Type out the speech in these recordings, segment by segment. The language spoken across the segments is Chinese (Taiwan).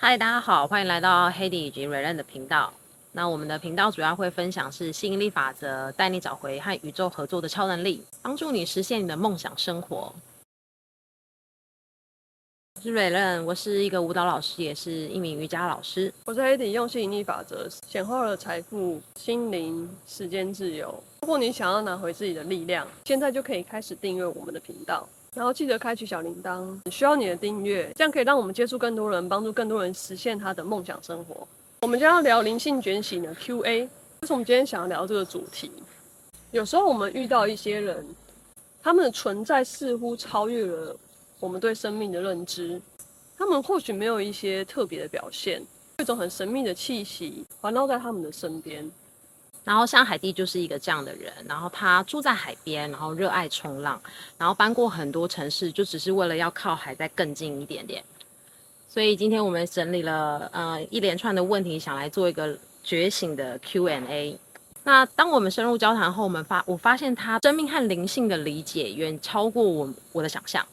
嗨，Hi, 大家好，歡迎來到海地以及瑞倫的頻道。那我們的頻道主要會分享是吸引力法則，帶你找回和宇宙合作的超能力，幫助你實現你的夢想生活。我是瑞倫，我是一個舞蹈老師，也是一名瑜伽老師。我是海地，用吸引力法則顯化了財富、心靈、時間自由。如果你想要拿回自己的力量，現在就可以開始訂閱我們的頻道。然後記得開啟小鈴鐺，需要你的訂閱，這樣可以讓我們接觸更多人，幫助更多人實現他的夢想生活。我們就要聊靈性覺醒的 QA，就是我們今天想要聊這個主題。有時候我們遇到一些人，他們的存在似乎超越了我們對生命的認知，他們或許沒有一些特別的表現，有一種很神秘的氣息環繞在他們的身邊。然後像海地就是一個這樣的人，然後他住在海邊，然後熱愛衝浪，然後搬過很多城市，就只是為了要靠海再更近一點點。所以今天我們整理了呃一連串的問題，想來做一個覺醒的 Q&A。那當我們深入交談後，我們發我發現他生命和靈性的理解遠超過我我的想象。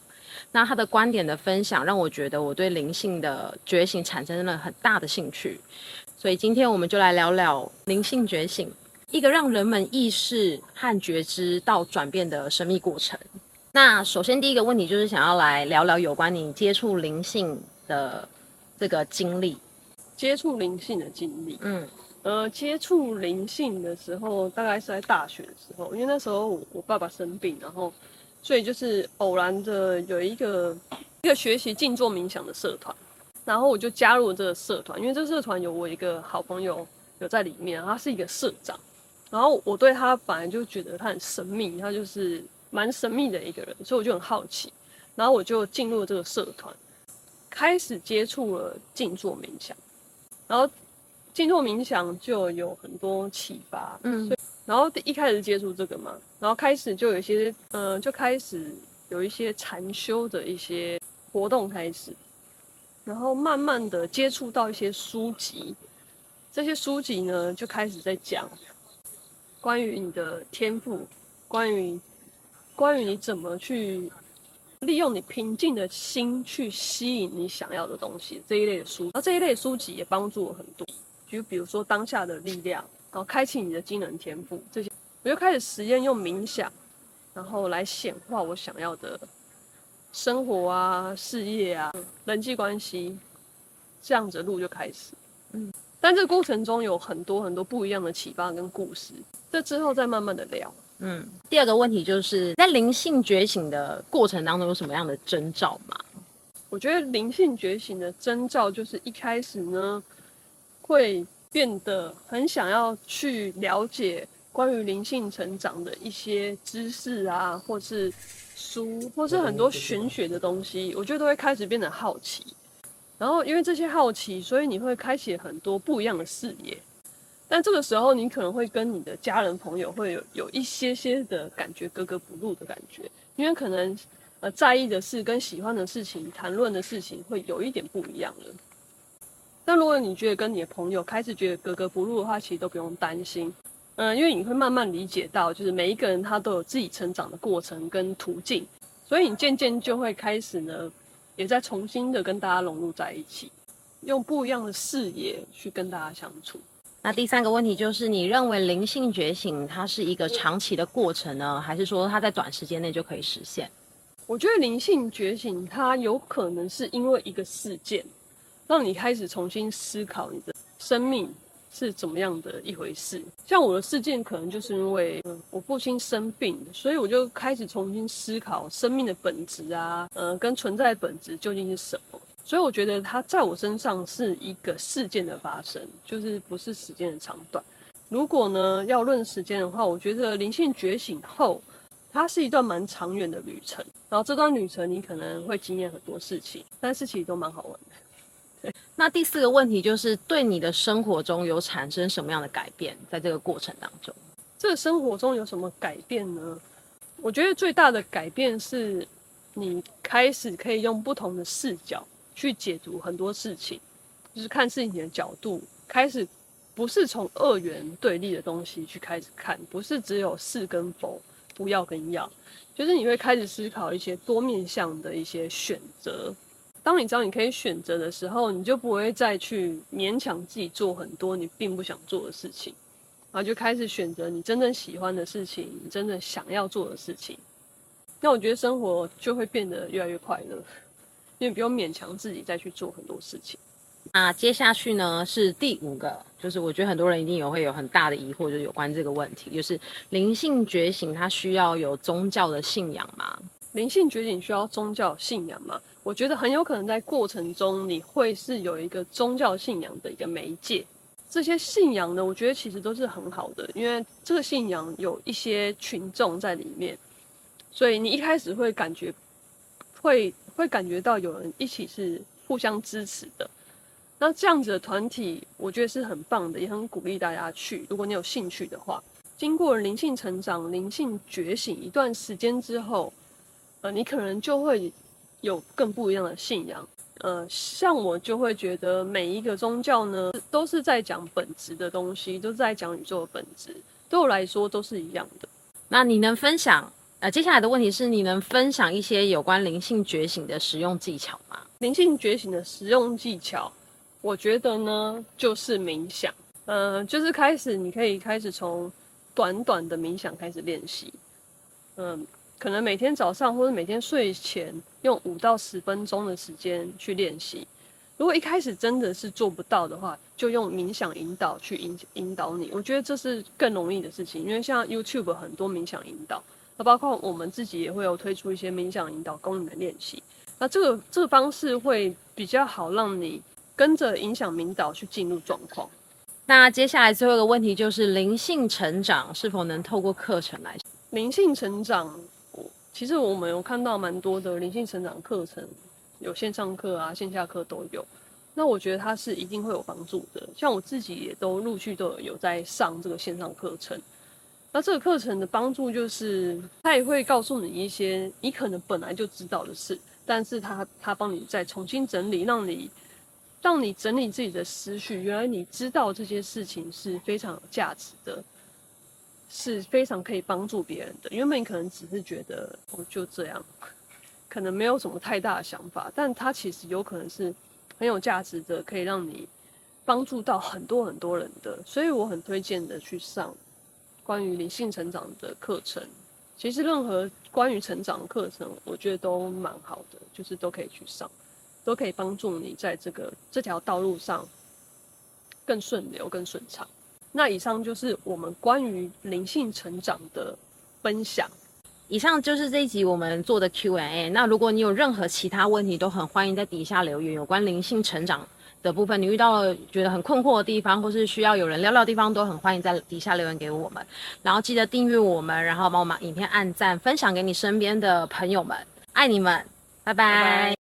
那他的觀點的分享讓我覺得我對靈性的覺醒產生了很大的興趣。所以今天我們就來聊聊靈性覺醒。一個讓人們意識和覺知到轉變的神秘過程。那首先第一個問題就是想要來聊聊有關你接觸靈性的這個經歷。接觸靈性的經歷，嗯，呃，接觸靈性的時候大概是在大學的時候，因為那時候我，我爸爸生病，然後所以就是偶然的有一個一個學習靜坐冥想的社團，然後我就加入了這個社團，因為這個社團有我一個好朋友有在裡面，他是一個社長。然後我對他，反而就覺得他很神秘，他就是蠻神秘的一個人，所以我就很好奇。然後我就進入了這個社團，開始接觸了靜坐冥想。然後靜坐冥想就有很多啟發，嗯所以。然後一開始接觸這個嘛，然後開始就有一些，嗯、呃，就開始有一些禪修的一些活動開始。然後慢慢的接觸到一些書籍，這些書籍呢就開始在講。關於你的天賦，關於關於你怎麼去利用你平靜的心去吸引你想要的東西這一類的書，然後這一類的書籍也幫助我很多。就比如說當下的力量，然後開啟你的驚人天賦這些，我就開始實驗用冥想，然後來顯化我想要的生活啊、事業啊、人際關係，這樣子的路就開始，嗯。但這個過程中有很多很多不一樣的啟發跟故事，這之後再慢慢的聊。嗯，第二個問題就是在靈性覺醒的過程當中有什麼樣的徵兆嗎？我覺得靈性覺醒的徵兆就是一開始呢，會變得很想要去了解關於靈性成長的一些知識啊，或是書，或是很多玄學的東西，我，我覺得都會開始變得好奇。然後，因為這些好奇，所以你會開啟很多不一樣的視野。但這個時候，你可能會跟你的家人、朋友會有有一些些的感覺，格格不入的感覺，因為可能呃，在意的事跟喜歡的事情、談論的事情會有一點不一樣了。但如果你覺得跟你的朋友開始覺得格格不入的話，其實都不用擔心。嗯、呃，因為你會慢慢理解到，就是每一個人他都有自己成長的過程跟途徑，所以你漸漸就會開始呢。也在重新的跟大家融入在一起，用不一樣的視野去跟大家相處。那第三個問題就是，你認為靈性覺醒它是一個長期的過程呢，還是說它在短時間內就可以實現？我覺得靈性覺醒它有可能是因為一個事件，讓你開始重新思考你的生命。是怎麼樣的一回事？像我的事件，可能就是因為、嗯、我父親生病，所以我就開始重新思考生命的本質啊，呃、嗯，跟存在的本質究竟是什麼。所以我覺得它在我身上是一個事件的發生，就是不是時間的長短。如果呢要論時間的話，我覺得靈性覺醒後，它是一段蠻長遠的旅程。然後這段旅程你可能會經驗很多事情，但是其實都蠻好玩的。那第四個問題就是對你的生活中有產生什麼樣的改變？在這個過程當中，這個生活中有什麼改變呢？我覺得最大的改變是，你開始可以用不同的視角去解讀很多事情，就是看事情的角度開始不是從二元對立的東西去開始看，不是只有是跟否，不要跟要，就是你會開始思考一些多面向的一些選擇。當你知道你可以選擇的時候，你就不會再去勉強自己做很多你並不想做的事情，然後就開始選擇你真正喜歡的事情，你真正想要做的事情。那我覺得生活就會變得越來越快樂，因為不用勉強自己再去做很多事情。那接下去呢，是第五個，就是我覺得很多人一定也會有很大的疑惑，就是有關這個問題，就是靈性覺醒它，需要有宗教的信仰嗎？靈性覺醒需要宗教信仰嗎？我覺得很有可能在過程中，你會是有一個宗教信仰的一個媒介。這些信仰呢，我覺得其實都是很好的，因為這個信仰有一些群眾在裡面，所以你一開始會感覺，會會感覺到有人一起是互相支持的。那這樣子的團體，我覺得是很棒的，也很鼓勵大家去。如果你有興趣的話，經過靈性成長、靈性覺醒一段時間之後，呃，你可能就會。有更不一樣的信仰，呃，像我就會覺得每一個宗教呢，都是在講本質的東西，都是在講宇宙的本質，對我來說都是一樣的。那你能分享？呃，接下來的問題是你能分享一些有關靈性覺醒的實用技巧嗎？靈性覺醒的實用技巧，我覺得呢，就是冥想，呃，就是開始你可以開始從短短的冥想開始練習，嗯、呃，可能每天早上或者每天睡前。用五到十分鐘的時間去練習。如果一開始真的是做不到的話，就用冥想引導去引引導你。我覺得這是更容易的事情，因為像 YouTube 很多冥想引導，那包括我們自己也會有推出一些冥想引導供你們練習。那這個這個方式會比較好，讓你跟着冥想引導去進入狀況。那接下來最後一個問題就是：靈性成長是否能透過課程來？靈性成長。其實我們有看到蠻多的靈性成長課程，有線上課啊、線下課都有。那我覺得它是一定會有幫助的。像我自己也都陸續都有在上這個線上課程。那這個課程的幫助就是，它也會告訴你一些你可能本來就知道的事，但是它它幫你再重新整理，讓你讓你整理自己的思緒。原來你知道這些事情是非常有價值的。是非常可以幫助別人的，原本可能只是覺得我、哦、就這樣，可能沒有什麼太大的想法，但它其實有可能是很有價值的，可以讓你幫助到很多很多人的，所以我很推薦的去上關於靈性成長的課程。其實任何關於成長的課程，我覺得都蠻好的，就是都可以去上，都可以幫助你在這個這條道路上更順流、更順暢。那以上就是我們關於靈性成長的分享。以上就是這一集我們做的 Q&A，那如果你有任何其他問題，都很歡迎在底下留言。有關靈性成長的部分，你遇到了覺得很困惑的地方，或是需要有人聊聊的地方，都很歡迎在底下留言給我們。然後記得訂閱我們，然後幫我們影片按讚，分享給你身邊的朋友們。愛你們，拜拜。拜拜。